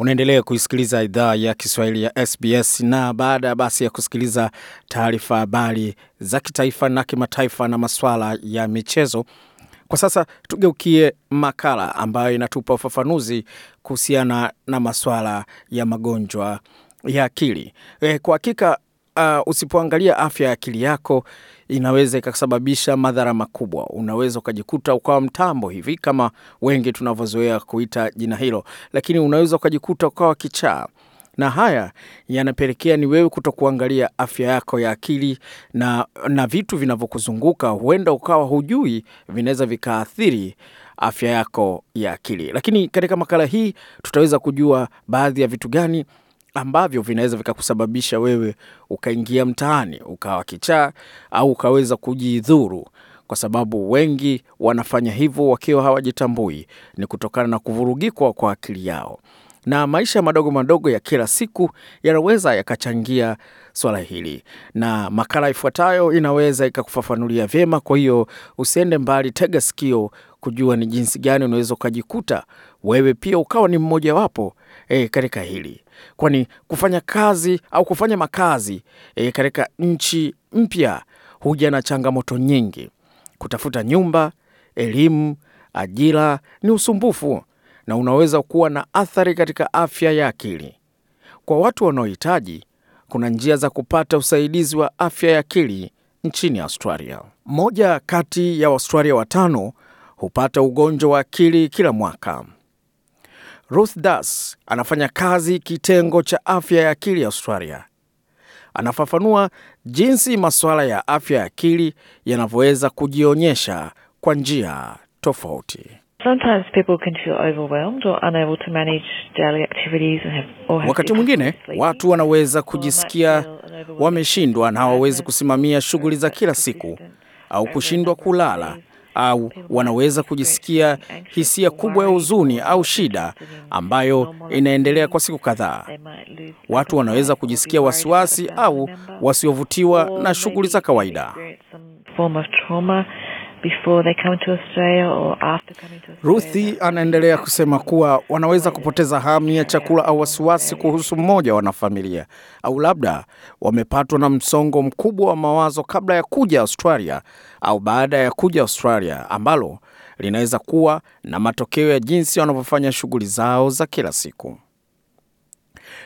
Unaendelea kuisikiliza idhaa ya Kiswahili ya SBS na baada ya basi ya kusikiliza taarifa habari za kitaifa na kimataifa na masuala ya michezo, kwa sasa tugeukie makala ambayo inatupa ufafanuzi kuhusiana na masuala ya magonjwa ya akili. E, kwa hakika uh, usipoangalia afya ya akili yako inaweza ikasababisha madhara makubwa. Unaweza ukajikuta ukawa mtambo hivi kama wengi tunavyozoea kuita jina hilo, lakini unaweza ukajikuta ukawa kichaa na haya yanapelekea ni wewe kuto kuangalia afya yako ya akili na, na vitu vinavyokuzunguka huenda ukawa hujui vinaweza vikaathiri afya yako ya akili. Lakini katika makala hii tutaweza kujua baadhi ya vitu gani ambavyo vinaweza vikakusababisha wewe ukaingia mtaani ukawa kichaa au ukaweza kujidhuru, kwa sababu wengi wanafanya hivyo wakiwa hawajitambui. Ni kutokana na kuvurugikwa kwa akili yao, na maisha madogo madogo ya kila siku yanaweza yakachangia swala hili, na makala ifuatayo inaweza ikakufafanulia vyema. Kwa hiyo usiende mbali, tega sikio kujua ni jinsi gani unaweza ukajikuta wewe pia ukawa ni mmojawapo e, katika hili, kwani kufanya kazi au kufanya makazi e, katika nchi mpya huja na changamoto nyingi. Kutafuta nyumba, elimu, ajira ni usumbufu na unaweza kuwa na athari katika afya ya akili. Kwa watu wanaohitaji, kuna njia za kupata usaidizi wa afya ya akili nchini Australia. Moja kati ya Waustralia watano hupata ugonjwa wa akili kila mwaka. Ruth Das anafanya kazi kitengo cha afya ya akili Australia. Anafafanua jinsi masuala ya afya ya akili yanavyoweza kujionyesha kwa njia tofauti. Wakati mwingine watu wanaweza kujisikia wameshindwa na hawawezi kusimamia shughuli za kila siku au kushindwa kulala au wanaweza kujisikia hisia kubwa ya huzuni au shida ambayo inaendelea kwa siku kadhaa. Watu wanaweza kujisikia wasiwasi au wasiovutiwa na shughuli za kawaida before they come to Australia or after coming to Australia. Ruthi anaendelea kusema kuwa wanaweza kupoteza hamu ya chakula au wasiwasi kuhusu mmoja wanafamilia au labda wamepatwa na msongo mkubwa wa mawazo kabla ya kuja Australia au baada ya kuja Australia ambalo linaweza kuwa na matokeo ya jinsi wanavyofanya shughuli zao za kila siku.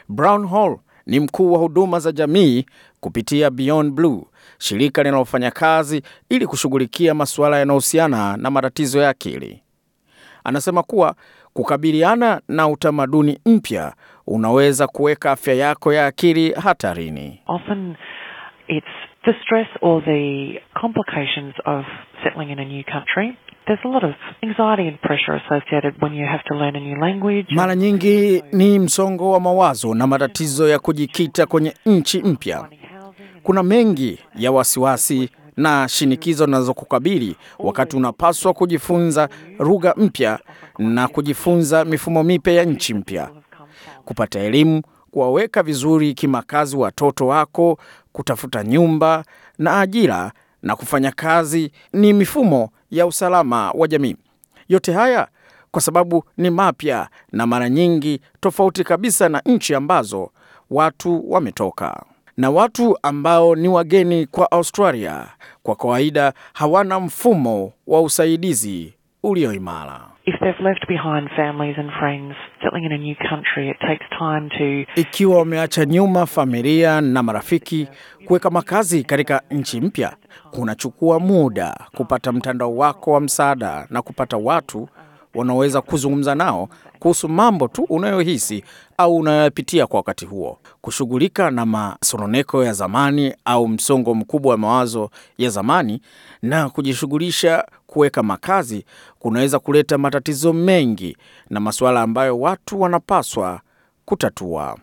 Brown Hall ni mkuu wa huduma za jamii kupitia Beyond Blue, shirika linalofanya kazi ili kushughulikia masuala yanayohusiana na matatizo ya akili. Anasema kuwa kukabiliana na utamaduni mpya unaweza kuweka afya yako ya akili hatarini. Often it's the stress or the complications of settling in a new country. There's a lot of anxiety and pressure associated when you have to learn a new language. Mara nyingi ni msongo wa mawazo na matatizo ya kujikita kwenye nchi mpya kuna mengi ya wasiwasi na shinikizo zinazokukabili wakati unapaswa kujifunza lugha mpya na kujifunza mifumo mipya ya nchi mpya, kupata elimu, kuwaweka vizuri kimakazi watoto wako, kutafuta nyumba na ajira na kufanya kazi ni mifumo ya usalama wa jamii. Yote haya kwa sababu ni mapya na mara nyingi tofauti kabisa na nchi ambazo watu wametoka na watu ambao ni wageni kwa Australia kwa kawaida hawana mfumo wa usaidizi ulio imara. Ikiwa wameacha nyuma familia na marafiki, kuweka makazi katika nchi mpya kunachukua muda kupata mtandao wako wa msaada na kupata watu wanaoweza kuzungumza nao kuhusu mambo tu unayohisi au unayopitia kwa wakati huo. Kushughulika na masononeko ya zamani au msongo mkubwa wa mawazo ya zamani na kujishughulisha kuweka makazi kunaweza kuleta matatizo mengi na masuala ambayo watu wanapaswa kutatua.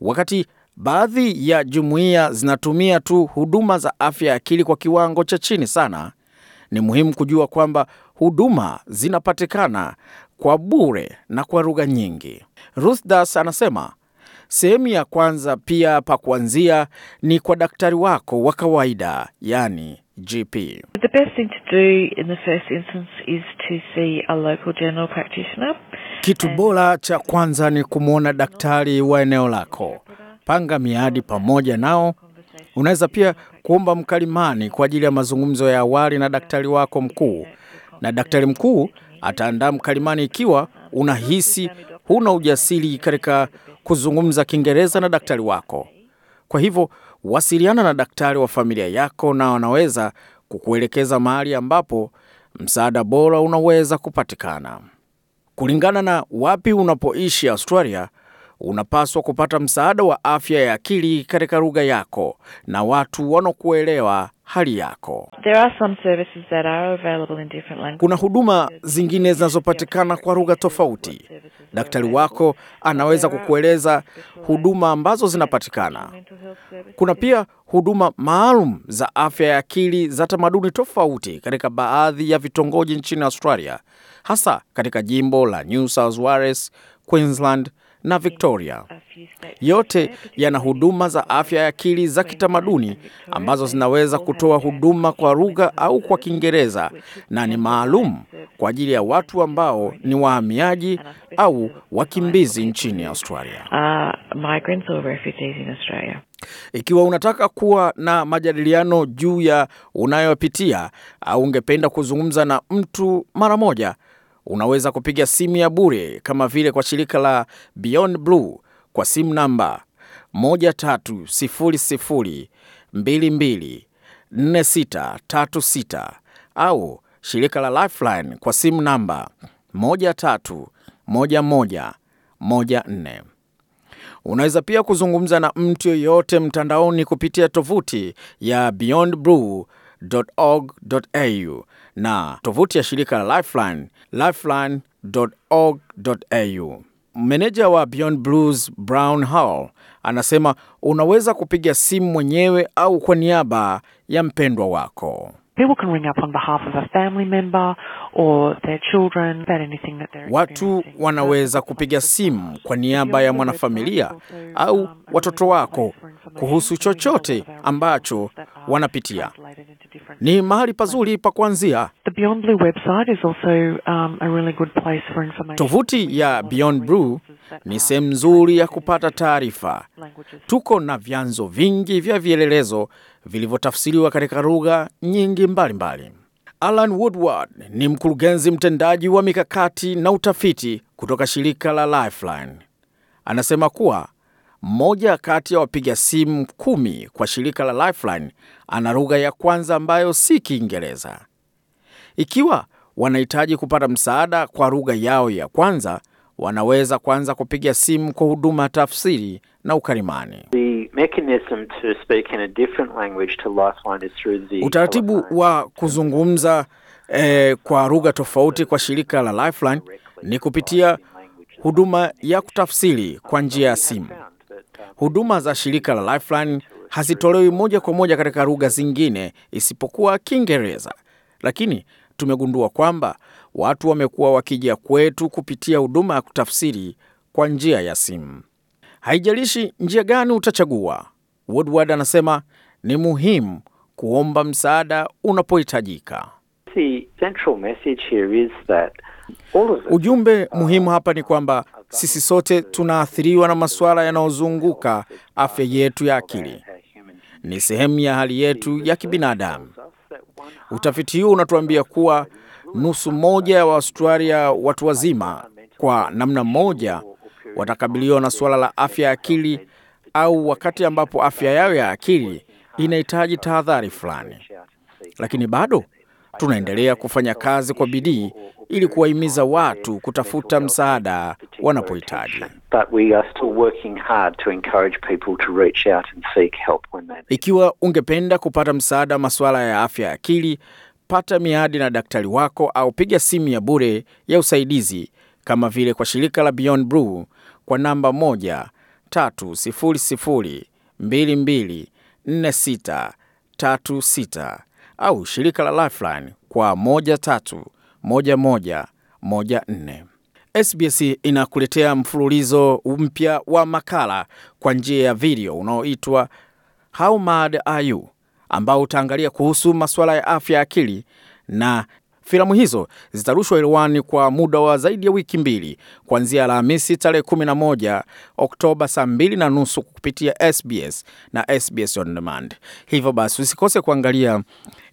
Wakati baadhi ya jumuiya zinatumia tu huduma za afya ya akili kwa kiwango cha chini sana, ni muhimu kujua kwamba huduma zinapatikana kwa bure na kwa lugha nyingi. Rusdas anasema sehemu ya kwanza pia pa kuanzia ni kwa daktari wako wa kawaida, yani GP. The best thing to do in the first instance is to see a local general practitioner. Kitu bora cha kwanza ni kumwona daktari wa eneo lako. Panga miadi pamoja nao Unaweza pia kuomba mkalimani kwa ajili ya mazungumzo ya awali na daktari wako mkuu, na daktari mkuu ataandaa mkalimani ikiwa unahisi huna ujasiri katika kuzungumza Kiingereza na daktari wako. Kwa hivyo wasiliana na daktari wa familia yako, na wanaweza kukuelekeza mahali ambapo msaada bora unaweza kupatikana. Kulingana na wapi unapoishi Australia, unapaswa kupata msaada wa afya ya akili katika lugha yako na watu wanaokuelewa hali yako. There are some services that are available in different languages. Kuna huduma zingine zinazopatikana kwa lugha tofauti. Daktari wako anaweza kukueleza huduma ambazo zinapatikana. Kuna pia huduma maalum za afya ya akili za tamaduni tofauti katika baadhi ya vitongoji nchini Australia, hasa katika jimbo la New South Wales, Queensland na Victoria. Yote yana huduma za afya ya akili za kitamaduni ambazo zinaweza kutoa huduma kwa lugha au kwa Kiingereza na ni maalum kwa ajili ya watu ambao ni wahamiaji au wakimbizi nchini Australia. Uh, Ikiwa unataka kuwa na majadiliano juu ya unayopitia au ungependa kuzungumza na mtu mara moja, unaweza kupiga simu ya bure kama vile kwa shirika la Beyond Blue kwa simu namba 1300224636 au shirika la Lifeline kwa simu namba 131114. Unaweza pia kuzungumza na mtu yoyote mtandaoni kupitia tovuti ya beyondblue.org.au na tovuti ya shirika la Lifeline, lifeline.org.au. Meneja wa Beyond Blues Brown Hall anasema unaweza kupiga simu mwenyewe au kwa niaba ya mpendwa wako. Watu wanaweza kupiga simu kwa niaba ya mwanafamilia au watoto wako kuhusu chochote ambacho wanapitia. Ni mahali pazuri pa kuanzia. Um, Tovuti ya Beyond Blue ni sehemu nzuri ya kupata taarifa. Tuko na vyanzo vingi vya vielelezo vilivyotafsiriwa katika lugha nyingi mbalimbali mbali. Alan Woodward ni mkurugenzi mtendaji wa mikakati na utafiti kutoka shirika la Lifeline. Anasema kuwa mmoja kati ya wapiga simu kumi kwa shirika la Lifeline ana lugha ya kwanza ambayo si Kiingereza. Ikiwa wanahitaji kupata msaada kwa lugha yao ya kwanza, wanaweza kwanza kupiga simu kwa huduma tafsiri na ukalimani. Utaratibu wa kuzungumza eh, kwa lugha tofauti kwa shirika la Lifeline ni kupitia huduma ya kutafsiri kwa njia ya simu huduma za shirika la Lifeline hazitolewi moja kwa moja katika lugha zingine isipokuwa Kiingereza, lakini tumegundua kwamba watu wamekuwa wakija kwetu kupitia huduma ya kutafsiri kwa njia ya simu. Haijalishi njia gani utachagua, Woodward anasema ni muhimu kuomba msaada unapohitajika. Ujumbe muhimu hapa ni kwamba sisi sote tunaathiriwa na masuala yanayozunguka afya yetu ya akili, ni sehemu ya hali yetu ya kibinadamu. Utafiti huu unatuambia kuwa nusu moja ya wa Waaustralia watu wazima kwa namna moja watakabiliwa na suala la afya ya akili au wakati ambapo afya yao ya akili inahitaji tahadhari fulani. Lakini bado tunaendelea kufanya kazi kwa bidii ili kuwahimiza watu kutafuta msaada wanapohitaji. Ikiwa ungependa kupata msaada masuala ya afya ya akili, pata miadi na daktari wako au piga simu ya bure ya usaidizi kama vile kwa shirika la Beyond Blue kwa namba 1 300 au shirika la Lifeline kwa 13 1114. SBS inakuletea mfululizo mpya wa makala kwa njia ya video unaoitwa How Mad Are You ambao utaangalia kuhusu masuala ya afya ya akili na Filamu hizo zitarushwa hewani kwa muda wa zaidi ya wiki mbili kuanzia Alhamisi tarehe 11 Oktoba saa mbili na nusu kupitia SBS na SBS On Demand. Hivyo basi usikose kuangalia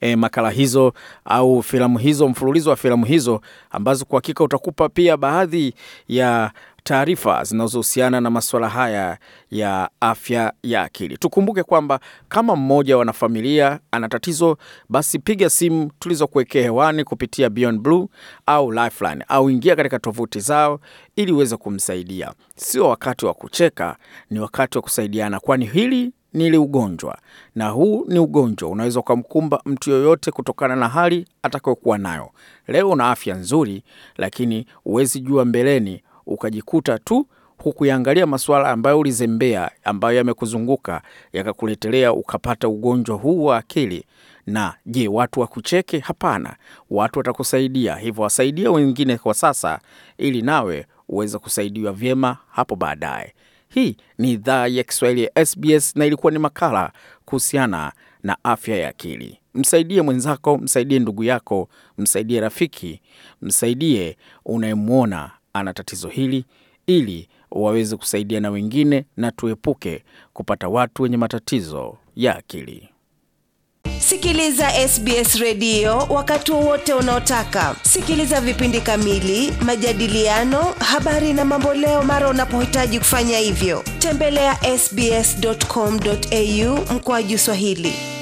e, makala hizo au filamu hizo, mfululizo wa filamu hizo ambazo kwa hakika utakupa pia baadhi ya taarifa zinazohusiana na masuala haya ya afya ya akili. Tukumbuke kwamba kama mmoja wa wanafamilia ana tatizo, basi piga simu tulizokuwekea hewani kupitia Beyond Blue au Lifeline au ingia katika tovuti zao ili uweze kumsaidia. Sio wakati wa kucheka, ni wakati wa kusaidiana, kwani hili nili ugonjwa na huu ni ugonjwa unaweza ukamkumba mtu yoyote kutokana na hali atakayokuwa nayo. Leo una afya nzuri, lakini huwezi jua mbeleni ukajikuta tu hukuyaangalia masuala ambayo ulizembea, ambayo yamekuzunguka yakakuletelea ukapata ugonjwa huu wa akili. Na je, watu wakucheke? Hapana, watu watakusaidia. Hivyo wasaidia wengine kwa sasa, ili nawe uweze kusaidiwa vyema hapo baadaye. Hii ni idhaa ya Kiswahili ya SBS na ilikuwa ni makala kuhusiana na afya ya akili. Msaidie mwenzako, msaidie ndugu yako, msaidie rafiki, msaidie unayemwona ana tatizo hili ili waweze kusaidia na wengine na tuepuke kupata watu wenye matatizo ya akili. Sikiliza SBS redio wakati wowote unaotaka. Sikiliza vipindi kamili, majadiliano, habari na mamboleo mara unapohitaji kufanya hivyo. Tembelea sbscu sbs.com.au mkoaji Swahili.